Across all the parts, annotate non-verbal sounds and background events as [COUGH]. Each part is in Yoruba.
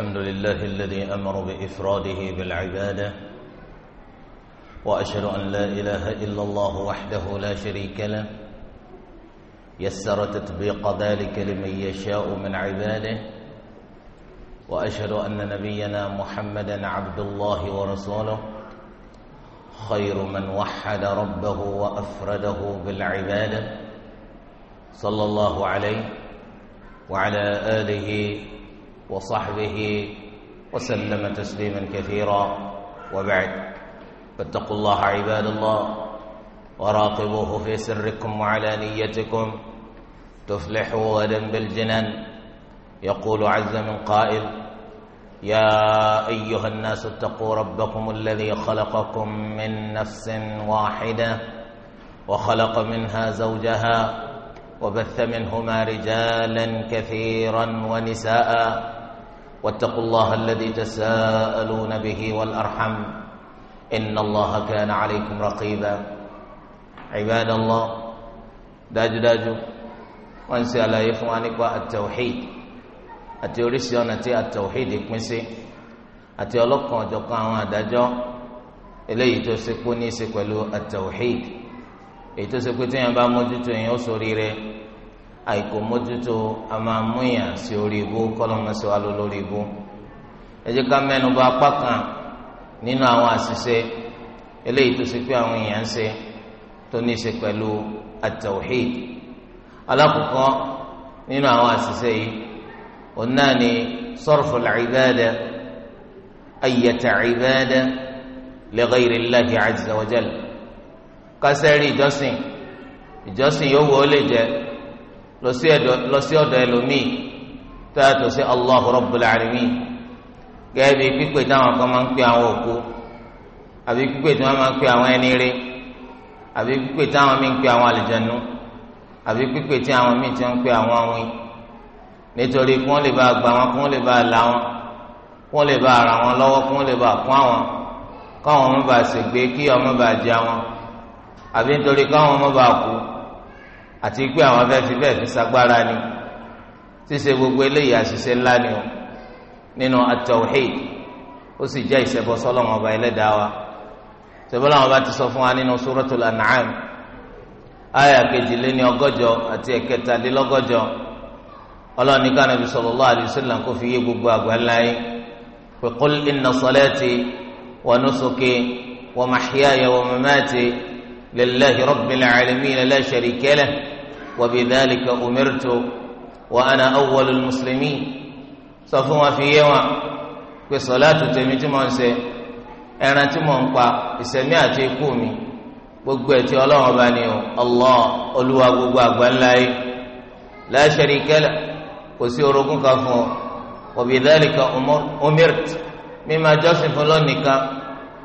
الحمد لله الذي أمر بإفراده بالعبادة وأشهد أن لا إله إلا الله وحده لا شريك له يسر تطبيق ذلك لمن يشاء من عباده وأشهد أن نبينا محمدا عبد الله ورسوله خير من وحد ربه وأفرده بالعبادة صلى الله عليه وعلى آله وصحبه وسلم تسليما كثيرا وبعد فاتقوا الله عباد الله وراقبوه في سركم وعلى نيتكم تفلحوا غدا بالجنان يقول عز من قائل يا ايها الناس اتقوا ربكم الذي خلقكم من نفس واحده وخلق منها زوجها وبث منهما رجالا كثيرا ونساء واتقوا الله الذي تساءلون به والأرحم إن الله كان عليكم رقيبا عباد الله داج داج وانسى على يفوانك التوحيد أتوريسي أنتي التوحيد كمسي أتي ألقى جقا وداجا eléyìí tó ṣe kó ní í ṣe pẹ̀lú àtàwíhìd èyí tó ṣe pé àìkò mójútó a máa mú yàn sí orí ibú kọlọmọsí wa ló lórí ibú ẹ jẹ́ ká mẹ́nu bà apá kan nínú àwọn àṣìṣe eléyìí tó ṣe pé àwọn èèyàn ń ṣe tó ní í ṣe pẹ̀lú at-tawhid alákòókò nínú àwọn àṣìṣe yìí òun náà ni sarfu al-ibada ayyata ibada li ghayri Allahi azza wa ìjọsìn ìjọsìn yòówù ó jẹ́ lọ sí ọ̀dọ̀ ẹlòmíì tó yàtọ̀ sí Allahu Rabbul Alamin gẹ́gẹ́ bí pípé táwọn kan máa ń pè àwọn òkú àbí pípé tí wọ́n máa ń pè àwọn ẹni rí àbí pípé táwọn míì ń pè àwọn àlìjẹnu àbí pípé tí àwọn míì ti ń pè àwọn awin nítorí kí wọ́n lè bá gbà wọn kí wọ́n lè bá là wọn kí wọ́n lè bá ara wọn lọ́wọ́ kí wọ́n lè bá kún àwọn káwọn ọmọ bá ṣègbè kí ọmọ bá jẹ àwọn àbí nítorí káwọn ọmọ bá kú àti pé àwọn afẹ́ fi bẹ́ẹ̀ fi sagbára ni ṣíṣe gbogbo eléyìí àṣìṣe ńlá ni o nínú at-tawhid ó sì jẹ́ ìṣẹbọ sọ́lọ́run ọba ẹlẹ́dàá wa ṣẹbọlọ àwọn ọba ti sọ fún wa nínú suratul an'am aya kejìléní ọgọ́jọ àti ẹ̀kẹtàdínlọ́gọ́jọ ọlọ́ọ̀ni ká nàbí sallallahu alaihi wasallam kó fi yé gbogbo àgbáńlá yín pé qul inna salati wa nusuki wa mahyaya wa mamati lillahi rabbil alamin la sharika lahu. وبذلك أمرت وأنا أول المسلمين صفوا في يوم pé sọláàtù tèmi tí mo ń ṣe ẹran tí mo ń pa ìṣẹ̀mí àti ikú mi gbogbo ẹ̀ tí ọlọ́run ọba ni o Allah olúwa gbogbo àgbáńlá yìí la sharika lah kò sí orogún kan fún ọ wa bidhalika umirt mímá jọ́sìn fún lọ́nìkan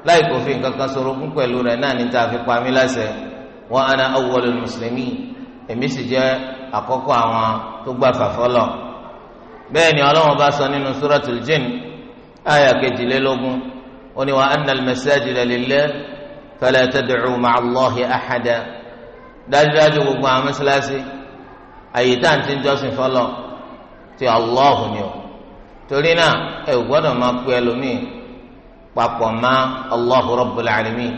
láì kò fi nǹkan kan sorogún pẹ̀lú rẹ̀ náà ní tá a fi pa mí láṣẹ wa ana awwalul muslimin èmi sì jẹ́ àkọ́kọ́ àwọn tó gbà fàfọ́lọ̀ bẹ́ẹ̀ ni ọlọ́wọ́n bá sọ nínú suratul jinn àyà kejìlélógún ó ní wa anna al-masajida lillah fala tad'u ma'a Allahi ahada dájúdájú gbogbo àwọn mọ́sálásí àyè tá à ń ti jọ́sìn fọ́lọ̀ ti Allahu ni o torí náà ẹ ò gbọ́dọ̀ máa pe ẹlòmíì papọ̀ mọ́ Allahu rabbul alamin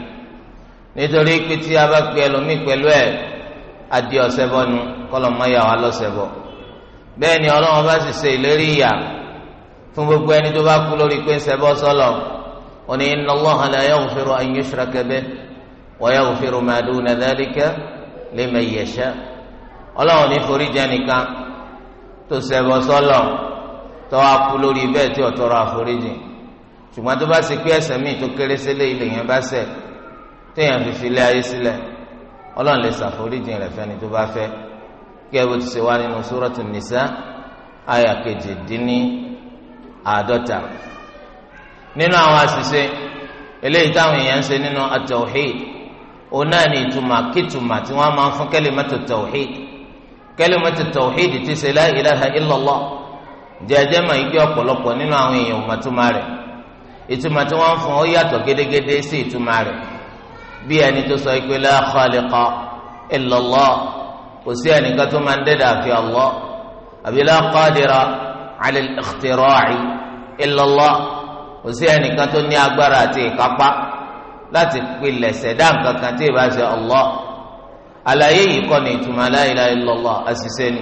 nítorí pé tí a bá pe ẹlòmíì pẹ̀lú ẹ̀ adi ọsẹbọ nu kọlọmọya wa lọsẹbọ bẹ́ẹ̀ ni Ọlọ́run bá sì ṣe ìlérí ìyà fún gbogbo ẹni tó bá kú lórí pé ń ṣẹbọ sọlọ òní inna Allaha la yaghfiru an yushraka bihi wa yaghfiru ma duna dhalika liman yasha Ọlọ́run ní forí jẹ nìkan tó ṣẹbọ sọlọ tó wá kú lórí bẹ́ẹ̀ tí ó àforíjì ṣùgbọ́n tó bá sì pé ẹ̀ṣẹ̀ míì tó kéré sílé ilé yẹn bá ṣẹ̀ téèyàn fi filé ayé sílẹ̀ ọlọ́run lè ṣàforíjìn rẹ̀ fẹ́ni tó bá fẹ́ kí ẹ bó ti ṣe wá nínú sórọ́tù nìṣá àyà kejì dín ní àádọ́ta nínú àwọn àṣìṣe eléyìí táwọn èèyàn ń ṣe nínú at-tawhid òun náà ní ìtumọ̀ kìtumọ̀ tí wọ́n máa ń fún kalimatu tawhid kalimatu tawhid ti ṣe la ilaha illallah mọ̀ igi ọ̀pọ̀lọpọ̀ nínú àwọn èèyàn ìtumọ̀ rẹ̀ ìtumọ̀ tí wọ́n ń fún ó yàtọ̀ gédégédé sí ìtumọ̀ rẹ̀ bí ẹni tó sọ pé la khaliqa illa Allah kò sí ẹnìkan tó máa ń dẹ́dà àfi Allah àbí la qadira ala al-ikhtira'i illa Allah kò sí ẹnìkan tó ní agbára àti ìkápá láti pilẹ̀ ṣẹ̀dá nǹkan kan tí ì bá ṣe Allah àlàyé yìí kọ́ ni ìtumọ̀ la ilaha àṣìṣe ni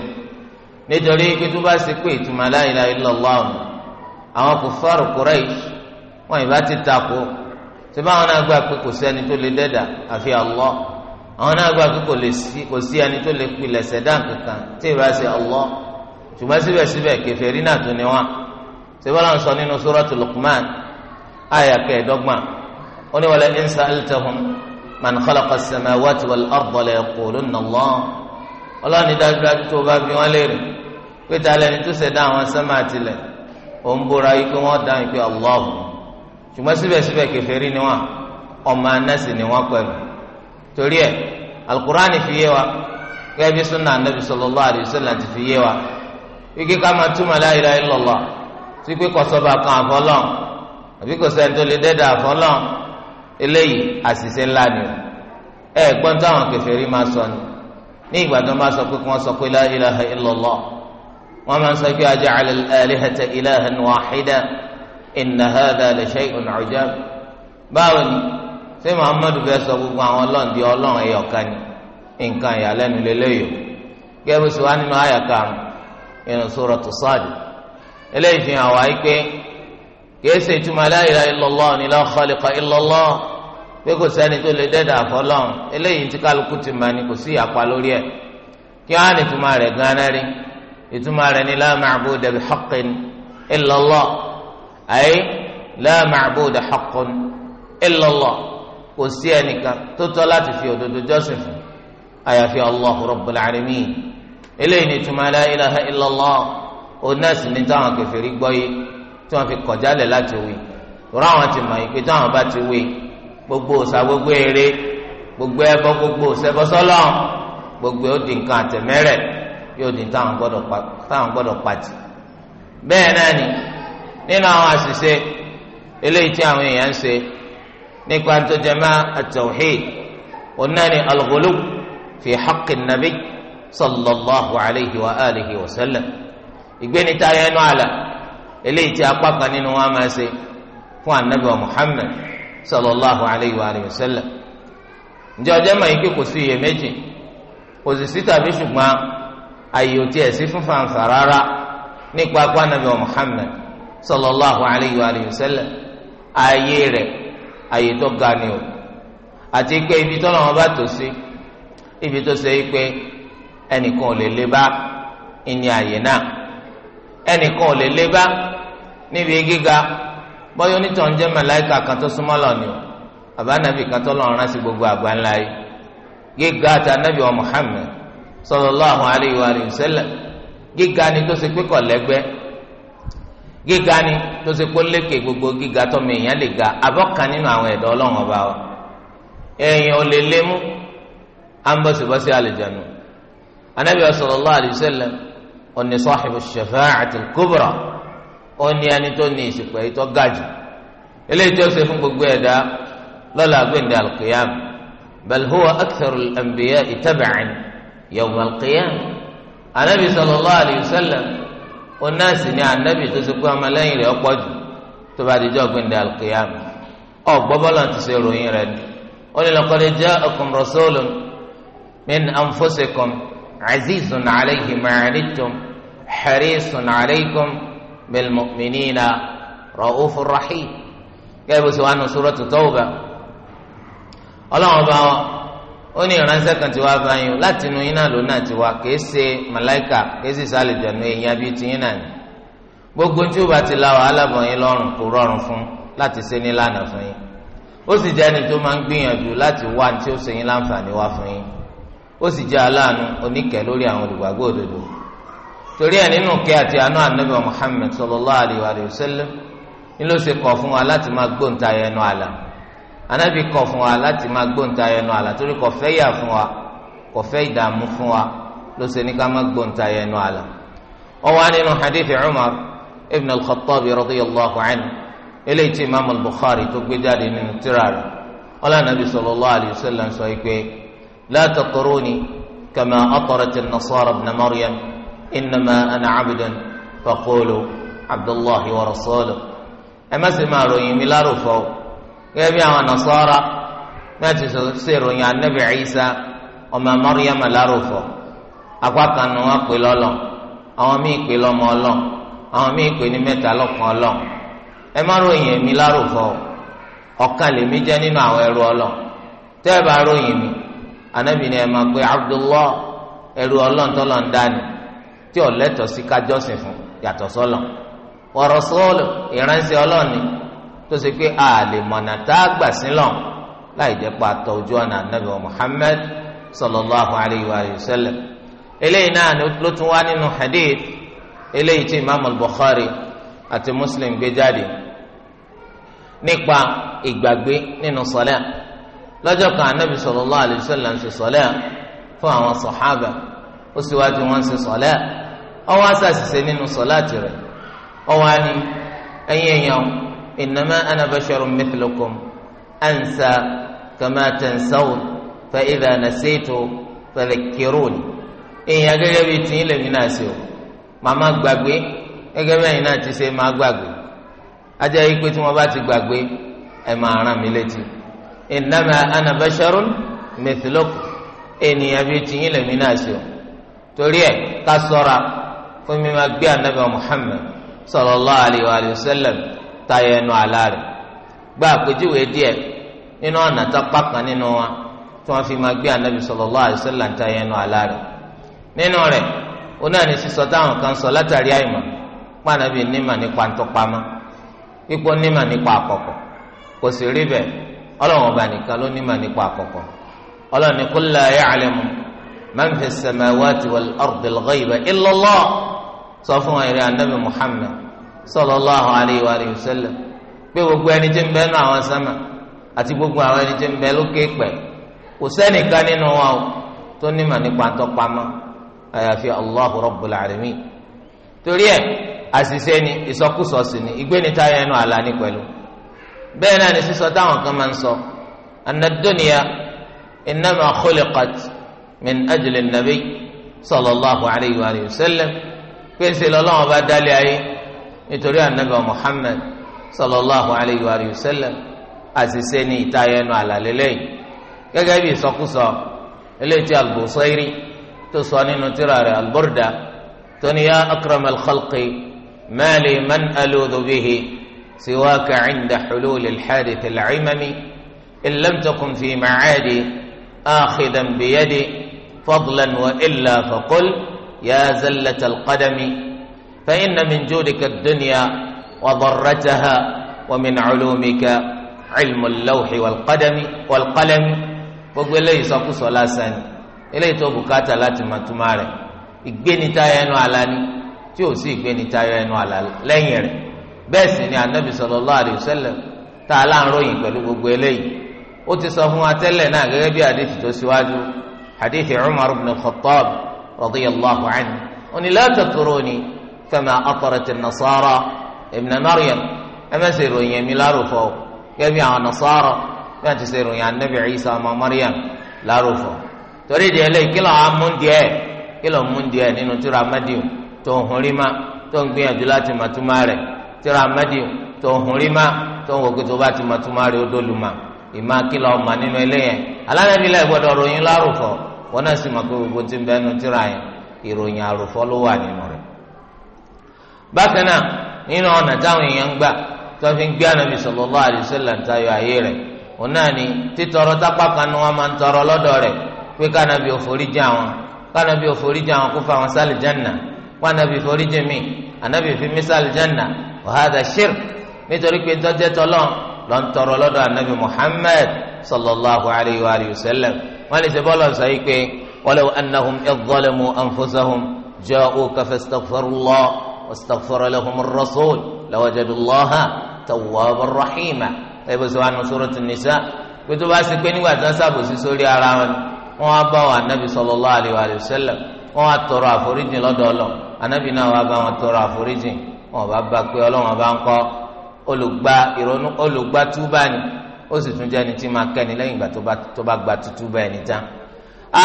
nítorí pé tó bá ṣe pé ìtumọ̀ la ilaha àwọn kò fọ́ọ̀rù Quraysh wọn ìbá ti ṣé báwọn náà gbà pé kò sí ẹni tó lè dẹ́dà àfi Allah àwọn náà gbà pé kò sí ẹni tó lè pilẹ̀ ṣẹ̀dá kankan tí ì bá ṣe Allah ṣùgbọ́n síbẹ̀síbẹ̀ kèfèrí náà tún ni wọn ṣé sọ nínú Suratu Luqman àyà kẹẹ̀ẹ́dọ́gbọ̀n ó ní wala in sa'altahum man khalaqa as-samawati wal-arda la yaqulunna Allah ṣùgbọ́n síbẹ̀síbẹ̀ kèfèrí ni wọ́n ọmọ anásì ni wọ́n pẹ̀lú torí ẹ̀ alukur'ani fi yé wa gẹ́gẹ́ bí sunna anabi sallallahu alayhi wa sallam ti fi yé wa wíkí ká máa túmọ̀ la ilaha illallah sí pé kọ́sọ́ba kan àfọlọ́ àbí kò sẹ́ni lè dẹ́dà àfọlọ́ eléyìí àṣìṣe ńlá ni o ẹ gbọ́n táwọn kèfèrí máa sọ ni ní ìgbà tó máa sọ pé kí wọ́n sọ pé la ilaha illallah wọ́n máa sọ pé aja'ala al-alihata ilahan wahida inna hadha la shay'un ajab báwo ni ṣé muhammadu fẹ́ sọ gbogbo àwọn ọlọ́run di ọlọ́run ẹ̀yọ̀ kan ni nǹkan ìyàlẹ́nu lélẹ́yọ̀ gẹ́gẹ́ bí sọ wá nínú àyà karùn nínú suratu Sad eléyìí fi hàn wá pé kìí ṣe ìtumọ̀ la ilaha illallah ni la khaliqa illallah pé kò sẹ́ni tó lè dẹ́dà àfọlọ́run eléyìí tí kálukú ti mọ̀ ni kò sí ìyàpá lórí ẹ̀ kí wọ́n á ní ìtumọ̀ rẹ̀ gan ìtumọ̀ rẹ̀ ni la ma'buda bihaqqin Ayi laa معبود حق إلا kò sí ẹnìkan tó tọ́ láti fi òdodo joseph fún Allahu Rabbul Alamin eléyìí ni tuma la ilaha illallah onẹ́sì ní táwọn kèfèrí gbọ́ yìí tí wọ́n fi kọ̀jálẹ̀ láti wí rọ àwọn ti mọ̀ ìpè táwọn bá ti wí gbogbo òsà gbogbo ere gbogbo ẹbọ gbogbo òsẹbọsọlọ gbogbo ó nǹkan àtẹmẹrẹ yóò di táwọn nínú àwọn àṣìṣe eléyìí tí àwọn èèyàn ń ṣe nípa tó jẹ mọ́ at-tawhid onáni al-ghulu fi haqqi nabi sallallahu alayhi wa alihi wa sallam ìgbéni tá a yẹn nú àlà eléyìí tí apá kan nínú wọn máa ṣe fún anabi wa muhammad sallallahu alayhi wa alihi wa sallam ǹjẹ́ ọjọ́ mọ̀ yìí kò sí iyèméjì kò sì sí tàbí ṣùgbọ́n àyè ò tiẹ̀ sí fún fanfa rárá nípa apá anabi wa muhammad sallallahu alayhi wa alihi wa sallam ààyè rẹ̀ ààyè tó ga ni o àti pé ibi tó lọ́wọ́ bá tò sí ibi tó ṣe é pé ẹnìkan ò lè lé bá ìní ààyè náà ẹnìkan ò lè lé bá níbi gíga bọ́yọ̀ ni o kan gbogbo àgbáńlá yìí gíga àti anabi wa sallallahu alayhi wa sallam gíga gíga ni tó ṣe kó lékè gbogbo gíga tó mi èèyàn lè ga abọ́kan nínú àwọn ẹ̀dọ́ ọlọ́run ọba wa èèyàn ò lè lé mú ambọ̀sibọ́sí àlùjánu anabi sallallahu alayhi wa sallam oní sahibu shafa'ati al-kubra ó ní ẹni tó ní ìsìnkú ẹ̀yìn tó ga jù eléyìí tó ṣe fún gbogbo ẹ̀dá lọ́la gbẹ̀ndẹ̀ al-qiyam bal huwa aktharu yawm al-qiyam anabi sallallahu alayhi sallam onáàsì ni ànábì tó ti pé ọmọlẹ́yìn rẹ̀ ọ̀pọ̀ jù tó bá dijọ́ gbẹ̀ndẹ̀ alùkìyàmù ọ̀gbọ́ bọ́lá ti ṣe ròyìn rẹ̀ ni ó ní laqad ja'akum rasulun min anfusikum azizun alayhi ma anittum harisun alaykum bil mu'minina rahim kẹ́ẹ̀bù sọ nù suratu Tawbah ọlọ́run bá ó ní ìránṣẹ́ kan tí wàá bá yín o láti inú yín náà ló náà ti wá kìí ṣe màláìkà kìí sì sálẹ̀ dẹ̀nu èèyàn bíi ti yín náà ni gbogbo tí ó bá ti la wàhálà bọ̀ yín lọ́rùn kò rọrùn fún láti ṣe nílànà fún yín ó sì jẹ́ ẹni tó máa ń gbìyànjú láti wá tí ó ṣe yín láǹfààní wá fún yín ó sì jẹ́ aláàánú oníkẹ́ lórí àwọn olùgbàgbọ́ òdodo torí ẹ̀ nínú kẹ́ àti àánú ànábì Muhammad sallallahu alayhi wa sallam ni ló ṣe kọ̀ fún wa láti máa gbóǹtayẹnu àlà anabi kọ̀ fún wa láti máa gbóǹta ẹnu àlà torí kò fẹ́ yà fún wa kò fẹ́ ìdààmú fún wa ló ṣe ní ká má gbóǹta ẹnu àlà. wọ́n wá nínú hadithi umar ibn al-khattab radiyallahu anhu eléyìí tí imaamu bukhari tó gbé jáde nínú tírà rẹ̀ wọ́n anabi sallallahu alayhi wa sallam sọ pé la taquruni kama atarat nasara ibn maryam innama ana abdun faqulu abdullahi wa rasuluhu ẹ má sì máa ròyìn mi lárúfọ́ gẹ́gẹ́ bí àwọn nasara mẹ́tì sèròyìn anabi Isa ọmọ Maryam alárùfọ akpákanu wọn pè lọlọ àwọn míì pè lọmọ ọlọ àwọn míì pè ní mẹ́ta ọlọ ẹ má ròyìn èmi lárùfọ ọ̀kan jẹ́ nínú àwọn ẹrú ọlọ tẹ́ ẹ bá ròyìn mi anabi ni ẹ máa ẹrú ń tó ṣe pé a lè mọ̀nà tá a gbà sílọ̀ láì jẹ́ pa àtọ̀ ojú ọ̀nà ànábì wa Muhammad sallallahu alayhi wa sallam eléyìí náà ló tún wá nínú hadith eléyìí tí imaamu al-Bukhari àti Muslim gbé jáde nípa ìgbàgbé nínú sọlẹ́ lọ́jọ́ kan anabi sallallahu alayhi wa sallam ṣe sọlẹ́ fún àwọn sọ̀hábà ó síwájú wọn ṣe sọlẹ́ ọwọ́ àṣàṣìṣe nínú sọláàtì rẹ̀ ọwọ́ á ẹ̀yìn ẹ̀yàn إنما أنا بشر مثلكم أنسى كما تنسون فإذا نسيت فذكروني èèyàn gẹ́gẹ́ bíi tìyín lèmi náà ṣe o màmá gbàgbé gẹ́gẹ́ bẹ́yìn náà ti ṣe máa gbàgbé ajá yìí pé tí wọ́n bá ti gbàgbé ẹ̀ máa ràn mí létí innama ana basharun mithlukum ènìyàn bíi tìyín lèmi náà ṣe o torí ẹ̀ ká sọ́ra fún mi máa gbé ànábì Muhammad sallallahu alayhi wa sallam tayọ ẹnu àlá rẹ̀ gba àpèjúwe díẹ̀ nínú ọ̀nà tápá kan nínú wa tí wọ́n fi máa gbé anabi sallallahu alaihi wasallam tayọ ẹnu àlá rẹ̀ nínú rẹ̀ oní àná sísọ táwọn kan sọ látàrí àìmọ̀ pànàbí nímà nípa ntọ́pamọ́ pípọ́ nímà nípa àkọ́kọ́ kò sì rí bẹ́ẹ̀ ọlọ́run ọba nìkan ló nímà nípa àkọ́kọ́ ọlọ́run ní kul la ya'lamu man fi samawati wal ardil ghaiba sọ fún wa ìrẹ́ anabi Muhammad sallallahu alayhi wa sallam pé gbogbo ẹni tí ń bẹ nínú àwọn sámà àti gbogbo àwọn ẹni tí ń bẹ lókè pẹ̀ kò sẹ́nìkan nínú wa o tó nímọ̀ nípa tọpamọ́ àyàfi Allahu Rabbul Alamin torí ẹ̀ àṣìṣe ni ìsọkúsọ sí ni ìgbénitayọ ẹnu àlá ní pẹ̀lú bẹ́ẹ̀ náà ni sísọ táwọn kan máa ń sọ anna dunya innama min ajli nabi sallallahu alayhi wa sallam pé ń ṣe lọ́lọ́wọ́n bá dálé ayé nítorí anabi muhammed sallallahu alayhi wa sallam àṣìṣe ní ìtayẹnu àlàlé lẹ́yìn gẹ́gẹ́ bí ìsọkúsọ eléyìí tí al-Busayri tó sọ nínú tírà rẹ̀ al-Burda tó ní yá akram al-khalqi mali man aludhu bihi siwaka inda hulul al-hadith al-imami fi ma'adi akhidan biyadi fadlan wa illa faqul ya zallata al فإن من جودك الدنيا وضرتها ومن علومك علم اللوح والقدم والقلم gbogbo eléyìí sọkúsọ lásán ni eléyìí tó bùkátà láti máa túmọ̀ rẹ̀ ìgbénitayọ ẹnu àlá ni tí ò sí ìgbénitayọ ẹnu àlá lẹ́yìn rẹ̀ bẹ́ẹ̀ sì ni anabi sallallahu alaihi wasallam tá a láǹròyìn pẹ̀lú gbogbo eléyìí ó ti sọ fún wa tẹ́lẹ̀ náà gẹ́gẹ́ bí àdéhì tó síwájú àdéhì Umar ibn Khattab radiyallahu anhu ó ní la tatruni kama atarati nasara ibn maryam ẹ má ṣe ròyìn ẹ̀mí lárúfọ́ gẹ́gẹ́ bí àwọn nasara bí wọ́n ti ṣe ròyìn anabi isa ọmọ maryam lárúfọ́ torí ìdí ẹlẹ́yìn kí lọ́ọ́ amúndìẹ́ kí lọ́ọ́ múndìẹ́ nínú tíra mẹ́díù tó ń hun rí ma tó ń gbìyànjú láti màtúmá rẹ̀ tíra mẹ́díù tó ń hun rí ma tó ń wò pé tó bá ti màtúmá rẹ̀ ó dólùmọ̀ ìmọ̀ kí lọ́ọ́ mà nínú ẹlẹ́yìn alánàbílẹ̀ gbọ́dọ̀ ròyìn lárúfọ́ wọn náà sì mọ̀ pé gbogbo ti ń bẹ́ẹ̀ nu tíra yẹn ìròyìn àròfọ́ ló wà nínú bákan náà nínú ọ̀nà táwọn èèyàn ń gbà tó fi ń gbé ànábì sallallahu alaihi wasallam tayọ ayé rẹ̀ òun náà ni títọrọ tápá kan ni wọ́n máa ń tọrọ lọ́dọ̀ rẹ̀ pé kánábì òforíjì àwọn kánábì òforíjì àwọn kó fa àwọn sálì jánà kánábì òforíjì mi ànábì fi mí sálì jánà wa hadha nítorí pé tọ́jẹ́ tọ́lọ́ lọ ń tọrọ lọ́dọ̀ ànábì Muhammad sallallahu واستغفر لهم الرسول لوجدوا الله توابا رحيما ẹbí sọ wọn sọ̀rọ̀ tún nìṣá pé tó bá ṣe pé nígbà tí wọn ṣàbòsí sórí ara wọn wọn á bá wọn anabi sallallahu alaihi wa sallam wọn á tọrọ àforíjì lọ́dọ̀ ọlọ anabi náà wọn á bá wọn tọrọ àforíjì wọn bá bá pé Ọlọ́run bá ń kọ olùgbà ìrònú olùgbà túbà ni ó sì tún jẹ́ ẹni tí máa kẹ́ni lẹ́yìn ìgbà tó bá gba tútú bá ẹni tán.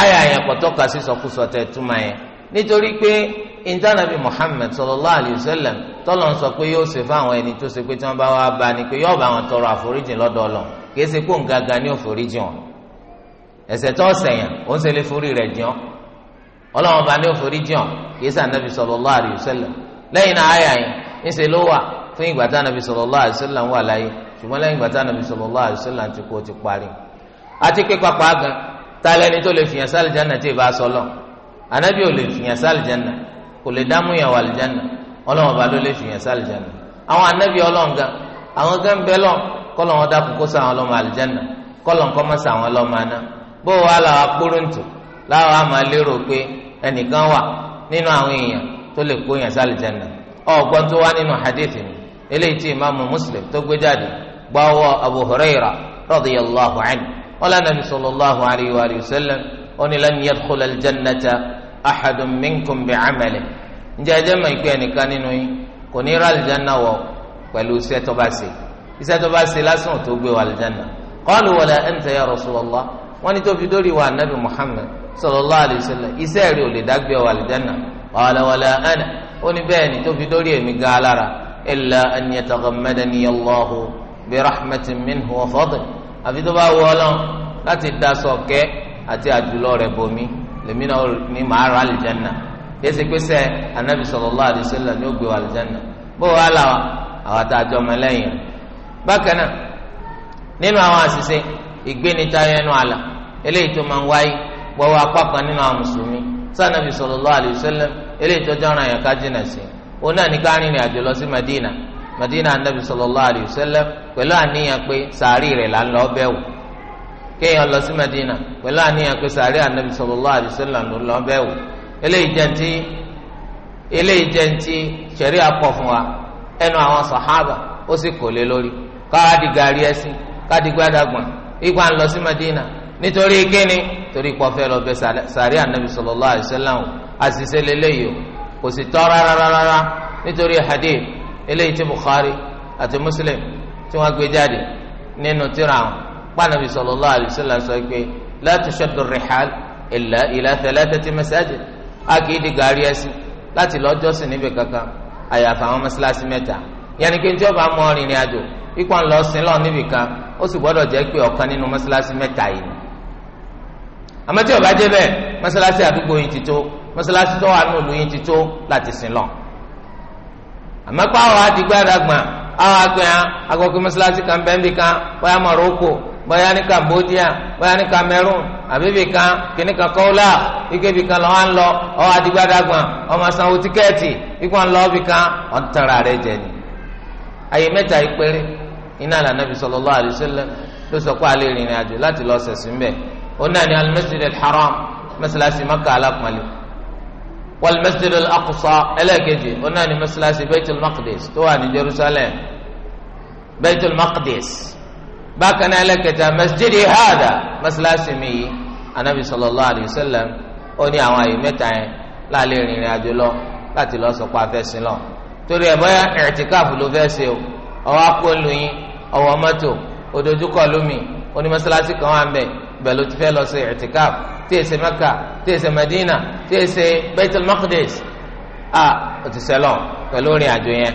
ayà yẹn kò tọ́ka sí sọkúsọ tẹ túmọ̀ yẹn nítorí pé intanẹbi Muhammad sallallahu alayhi wa sallam tọlọ ń sọ pé yóò ṣe fáwọn ẹni tó ṣe pé tí wọn bá wá bá ni pé yóò bá wọn tọrọ àforíjìn lọ́dọ̀ Ọlọ́run kìí ṣe kó ń gangan ní òforíjìn wọn ẹ̀ṣẹ̀ tó ṣẹ̀yàn ó ń ṣe lè forí rẹ̀ jìn Ọlọ́run bá ní òforíjìn wọn kìí ṣe ànábì sallallahu alayhi wa sallam lẹ́yìn náà àyà yẹn ńṣe ló wà fún ìgbà tá ànábì sallallahu alayhi wa sallam wà láyé ṣùgbọ́n lẹ́yìn ìgbà tá ànábì sallallahu alayhi wa sallam ti kó ti parí ta lẹni tó lè fìyàn sálìjánà tí ì bá sọ lọ ànábì ò lè kò lè dá múyàn wà àlìjáná ọlọ́run ọba ló lè fi yàn sí àlìjáná àwọn anábì ọlọ́run gan àwọn gan bẹ́ẹ̀ lọ kọ́lọ̀ wọn dákun kó sàwọn ọlọ́mọ àlìjáná kọ́lọ̀ nǹkan mọ́ sàwọn ọlọ́mọ aná bó wa làwọn akpóròǹtò láwọn àmà lérò pé ẹnìkan wà nínú àwọn èèyàn tó lè kó yàn sí àlìjáná ọ̀gbọ́n tó wá nínú hadith ni eléyìí tí imaamu ahadun minkum bi'amali ǹjẹ́ ẹ jẹ́ mọ̀ ìpè ẹnìkan nínú yín kò ní ra àlìjáná wọ pẹ̀lú iṣẹ́ tó bá ṣe iṣẹ́ tó bá ṣe lásán tó gbé wa àlìjáná qalu wala anta ya Rasulullah wọ́n ní tóbi dórí wa anabi Muhammad sallallahu alayhi wa sallam iṣẹ́ rẹ̀ ò lè dágbé wa àlìjáná qala wala ana ó ní bẹ́ẹ̀ ni tóbi dórí èmi gan alára illa an yataghammadani Allahu bi rahmatin minhu wa fadl àfi tó bá wọ Ọlọ́run láti dasọ kẹ àti àjùlọ rẹ̀ bomi lèmi náà ní màá ra àlìjánà yẹsẹ pé sẹ anabi sallallahu alaihi wasallam ní ó gbé wa àlìjánà bó wàá là wá àwọn àtàjọ ọmọ ẹlẹ́yìn rẹ̀ bákan náà nínú àwọn àṣìṣe ìgbénitayọ ẹnu àlà eléyìí tó máa ń wáyé gbọwọ apá kan nínú àwọn mùsùlùmí sànàbì sallallahu alaihi wasallam eléyìí tó jọra yẹn ká jìnnà sí i òun náà ní ká rìnrìn àjò lọ sí Madina Madina anabi sallallahu alaihi wasallam pẹ̀lú àníyàn pé sàárì rẹ̀ là ń lọ bẹ̀ wò kéèyàn lọ sí Madina pẹ̀lú àníyàn pé sàárẹ̀ anabi sallallahu alaihi ló lọ bẹ́ẹ̀ wò eléyìí jẹ́ ntí eléyìí jẹ́ ntí sẹ̀rí akọ fún wa ẹnu àwọn sàhábà ó sì kò lé lórí káàdì gàrí ẹsìn káàdì gbàdàgbọ̀n ń lọ sí Madina nítorí kíni torí pọ̀fẹ́ lọ bẹ anabi sallallahu alaihi àṣìṣe o kò sì tọ́ nítorí hadith eléyìí Bukhari àti Muslim tí wọ́n gbé jáde pàànàbì sallallahu alaihi wasallam sọ pé la tushaddu rihal illa ila thalathati masajid a kì í di gàárì ẹsìn láti lọ́jọ́ sìn níbi kankan àyàfà àwọn mọ́sálásí mẹ́ta yẹnni kí n tí ó bá mọ ọrìnrìn àjò ikú à ń lọ sin lọ́ọ̀ níbi kan ó sì gbọ́dọ̀ jẹ́ pé ọ̀kan nínú mọ́sálásí mẹ́ta yìí ni àmọ́ tí ó bá jẹ́ bẹ́ẹ̀ mọ́sálásí àdúgbò yìí ti tó mọ́sálásí tó wà ní òlu yìí ti tó láti sin lọ àmọ́ pé àwọn adigbádagbọ̀n àwọn agbẹ̀yàn agbọ̀kú mọ́sálásí kan bẹ́ẹ̀ bóyá ní Cambodia bóyá ní Cameroon àbíbì kan kìíní kan kọ́ọ́lá ikébi kan lọ́wọ́ ń lọ ọ́ adigbadagba ọmọ sanwó tíkẹ́ẹ̀tì ikú ń lọ ọ́bì kan ọ̀ ń tara rẹ̀ jẹ ni. àyè mẹ́ta yìí péré iná la Nabi sallallahu alaihi ló sọ pé alẹ́ ìrìn àjò láti lọ sẹ̀sìn mbẹ́ ó náà ní al-Masjid haram mẹ́sàlásì Maka alápọ̀nlé wal-Masjid al ẹlẹ́ẹ̀kejì ó náà ní mẹ́sàlásì Baitul Maqdis tó wà ní Jerusalem Baitul Maqdis bákan náà lẹ́kẹta masjidi hada masalasi mi yìí anabi sallallahu alayhi wa sallam ó ní àwọn àyè mẹ́ta yẹn láàlẹ́ ìrìnrìn àjò lọ láti lọ́ọ́ sọ̀kọ́ afẹ́sìn lọ torí ẹ̀ bọ́yá ẹ̀ẹ́tìkáàfù ló fẹ́ ṣe o ọwọ́ akólu yín ọwọ́ mọ́tò òdòdúkọ̀ lómi oní masalasi kan wà ń bẹ̀ bẹ̀ ló ti fẹ́ lọ ṣe ẹ̀ẹ́tìkáàfù tí èsè mẹ́kà tí èsè mẹ́dínà tí èsè bẹ́tẹ̀l mọ́kìdẹ́s a ò sẹ́lọ̀ pẹ̀lú ìrìn àjò yẹn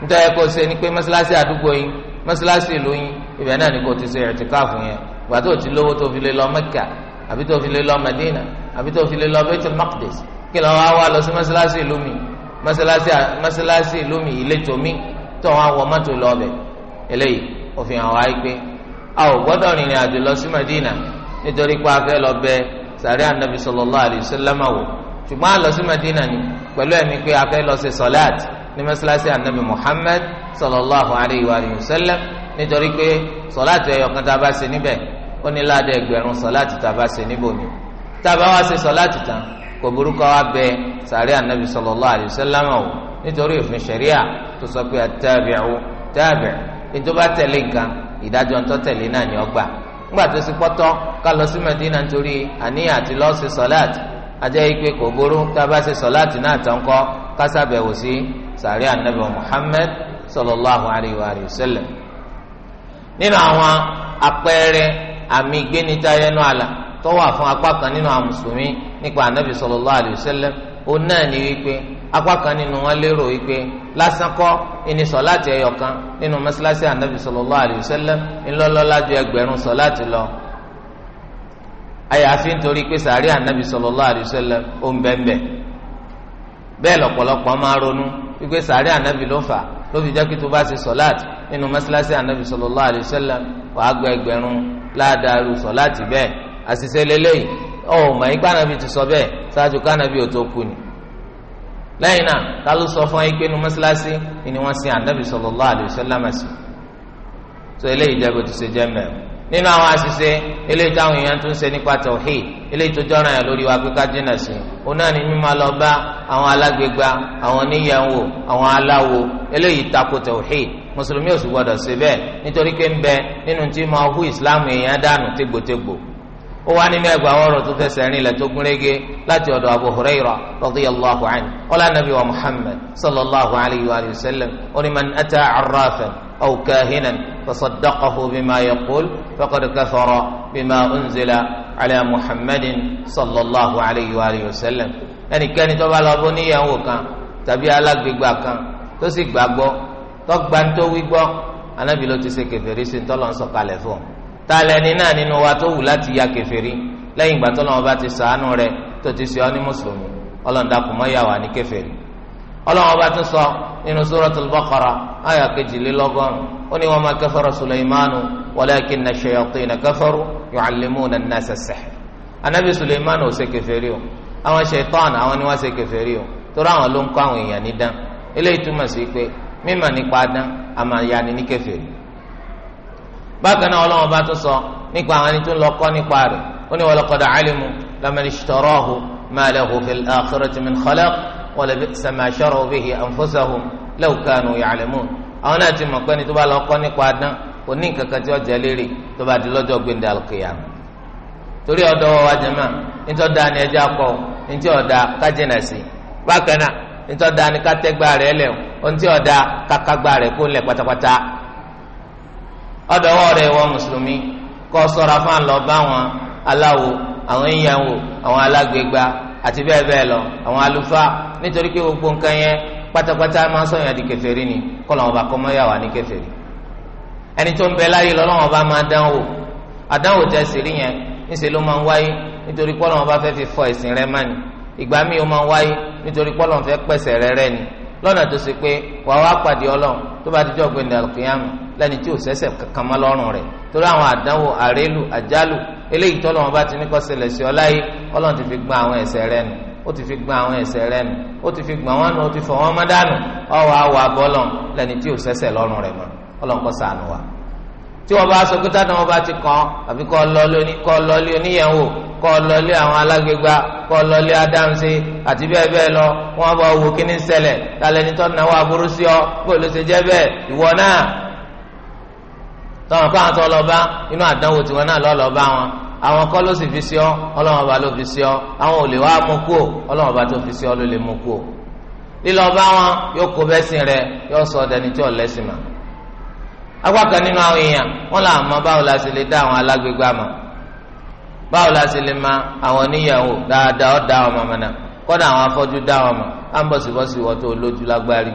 nítorí kò ṣe ni pé masalasi àdúgbò yín masalasi ìlú yín ibẹ̀ náà ni kò ti ṣe ẹ̀tìkáàfù yẹn ìgbà tó ti lówó tó fi lé lọ Mẹ́kà àbí tó fi lé lọ Mẹ́dínà àbí tó fi lé lọ Baitul Maqdis kí lọ́ wá wá lọ sí mọ́sálásí ìlú mi mọ́sálásí ìlú mi ìletò mi tó wọn wọ mọ́tò lọ bẹ̀ eléyìí òfin àwọn àìgbé a ò gbọ́dọ̀ rìnrìn àjò lọ sí Mẹ́dínà nítorí pé a fẹ́ lọ bẹ̀ sàrí ànábi sallallahu alayhi wasallam wò ṣùgbọ́n a lọ sí Mẹ́dínà ni pẹ̀lú ẹ̀mí pé a fẹ́ lọ sí sọláàt ní mọ́sálásí ànábi Muhammad sallallahu alayhi wa sallam nítorí pé sọláàtì ẹyọkan tá a bá ṣe níbẹ̀ ó ní ládẹ ẹgbẹ̀rún sọláàtì tá a bá ṣe níbòmí tá a bá wá ṣe sọláàtì tán kò bẹ anabi sallallahu alaihi wasallam o nítorí òfin tó sọ pé tẹ̀lé nǹkan ìdájọ́ ń náà ni ọgbà ńgbà tó sì pọ́tọ́ ká lọ sí Mẹ́dínà nítorí àníyàn àti lọ́ọ́ ṣe a bá anabi nínú àwọn àpẹẹrẹ àmì ìgbénitayẹnu àlà tó wà fún apá kan nínú àwọn mùsùlùmí nípa ànábì sallallahu alayhi wa sallam ó náà ní wípé apá kan nínú wọn lérò wípé lásán kọ́ ìní sọ̀láàtì ẹyọ kan nínú mọ́sálásí ànábì sallallahu alayhi wa sallam ńlọ́lọ́lá ju ẹgbẹ̀rún sọ̀láàtì lọ. àyàfi nítorí pé sàárì ànábì sallallahu alayhi wa sallam ó ń bẹ́ńbẹ́ bẹ́ẹ̀ lọ́pọ̀lọpọ̀ máa ronú wípé sàárì ànábì ló fà ló fi jẹ́ kí tó bá ṣe sọ̀láàtì nínú mọ́sálásí anabi sallallahu alayhi wa sallam wàá gba ẹgbẹ̀rún ládàárú sọ láti bẹ́ẹ̀ àṣìṣe lélẹ́yìí ọ̀ mọ̀ ipá anabi ti sọ bẹ́ẹ̀ ṣáájú kánabi ò tó kú ni lẹ́yìn náà ta ló sọ fún yín pé nínú mọ́sálásí ni wọ́n sin anabi sallallahu alayhi wa sallam sí so eléyìí jẹ́ bó ti ṣe jẹ́ mẹ́rin nínú àwọn àṣìṣe eléyìí táwọn èèyàn tún ṣe nípa tauhid eléyìí tó jọ́ra yẹn lórí wa pé jìnnà sí òun ni mímọ lọ bá àwọn alágbègbà àwọn oníyẹ̀wò àwọn aláwo eléyìí tako tauhid mùsùlùmí ò sì gbọdọ̀ ṣe bẹ́ẹ̀ nítorí pé ń bẹ nínú tí máa hu ìsìláàmù èèyàn dànù tégbòtégbò ó wá nínú ẹgbẹ́ àwọn ọ̀rọ̀ tó fẹsẹ̀ rìn lẹ̀ tó gúnrégé láti ọ̀dọ̀ Abu Hurairah radiyallahu anhu ọlá nàbí wa Muhammad sallallahu alayhi wa sallam onímọ̀n ata arrafan aw kahinan fasaddaqahu bima yaqul faqad unzila ala Muhammadin sallallahu alayhi wa sallam ẹnikẹ́ni tó bá níyàwó kan tàbí alágbègbè kan tó sì gbàgbọ́ tọ́gba tó wí gbọ́ anábì ló ti ṣe kèfèrí sí tọ́lọ́ ń sọ̀kalẹ̀ fún un talẹ́ni náà nínú wa tó wù láti ya kèfèrí lẹ́yìn ìgbà tọ́lọ́ wọn bá ti sàánú rẹ̀ tó ti ṣe ọ́ ní mùsùlùmí ọlọ́ndàkùnmọ́ yà wà ní kèfèrí ọlọ́wọ́n bá tún sọ nínú suratul Baqara àyà kejìlélọ́gọ́rùn ó ní wa ma kafara Sulaymanu walakinna shayatina kafaru yu'allimuna an-nasa as mímọ̀ nípa adán àmà yani ní kèfèrí bákan náà ọlọ́wọ́n bá tún sọ nípa àwọn ẹni tó ń lọ kọ́ nípa rẹ̀ ó ní walaqad alimu lamani ishtarahu ma lahu fil akhirati min khalaq wala bi'sa ma sharu bihi anfusahum law kanu ya'lamun àwọn náà ti mọ̀ pé ẹni tó bá lọ kọ́ nípa adán kò ní nǹkan kan tí ó jẹ́ lérè tó bá di lọ́jọ́ gbẹ̀ndẹ̀ alqiyam torí ọ̀dọ́ wa jẹ́ mọ́ nítorí ọ̀dà ni ẹja kọ́ nítorí ọ̀dà kájínà sí bákan náà nítorí ọ̀dà ni ká tẹ́gbà rẹ̀ lẹ̀ ohun tí ọ̀dà kàkàgbà rẹ̀ kó lẹ̀ pátápátá ọ̀dọ̀wọ́ rẹ̀ wọ́n mùsùlùmí kọ́ sọ́ra fún àlọ́ bá wọn aláwo àwọn ìyàwó àwọn alágbègbà àti bẹ́ẹ̀ bẹ́ẹ̀ lọ àwọn àlùfáà nítorí pé gbogbo nǹkan yẹn pátápátá máa sọ̀yìn àti kèfèrí ni kọ́ làwọn bá kọ́ mọ́ yàwá ní kèfèrí ẹni tó ń bẹ láyé lọ́lọ́wọ́n bá máa dánwò àdánwò tẹ́ sí nítorí pọ́lọ́n fẹ́ pẹ̀sẹ̀ rẹ́rẹ́ ni lọ́nà tó ṣe pé wàá wá pàdé ọlọ́run tó bá dijọ́ pé ní alùpùpù lẹ́ni tí ò sẹ́sẹ̀ kankan mọ́ lọ́rùn rẹ̀ torí àwọn àdánwò àrélù àjálù eléyìí tọ́lọ́run bá ti ní kó ṣẹlẹ̀ sí ọ láyé ọlọ́run ti fi gbọ́n àwọn ẹ̀ṣẹ̀ rẹ̀ nù ó ti fi gbọ́n àwọn ẹ̀ṣẹ̀ rẹ̀ nù ó ti fi gbọ́n wọn nù ó ti fọ̀ wọn mọ́ dànù ọ̀wọ́ àwọ̀ abọ́lọ́run lẹ́ni tí ò sẹ́sẹ̀ lọ́rùn rẹ̀ mọ́ ọlọ́run kó ṣàánú wa tí wọn bá sọ pé tádàn wọn bá ti kàn àfi kọ lọlé kọ lọlé oníyẹwò kọ lọlé àwọn alágbègbà kọ lọlé adáǹsẹ àti bẹ́ẹ̀ bẹ́ẹ̀ lọ wọn bá wò kíní ṣẹlẹ̀ talẹni tó náwó aburú sí ọ bó ló ṣe jẹ bẹ́ẹ̀ ìwọ náà tọwọn fáwọn tó lọ bá inú àdánwò tiwọn náà lọ lọ bá wọn àwọn kọ́ ló sì fi sí ọ ọlọ́wọ́n bá ló fi sí ọ àwọn ò lè mú kú ọlọ́wọ́n bá tó fi sí ọ ló lè mú kú ọ wọn yóò kó bẹ́sìn rẹ yóò sọ ọ tí ò lẹ́sìn máa agbákan nínú àwọn èèyàn wọn là mọ báwo la sì lè dá àwọn alágbègbè àmọ́ báwo la sì lè ma àwọn oníyàwó dáadáa ọ dá ọmọ mọ náà kọ́dà àwọn afọ́jú dá ọmọ à ń bọ̀sibọ́sì wọ́n tó lójú lágbárí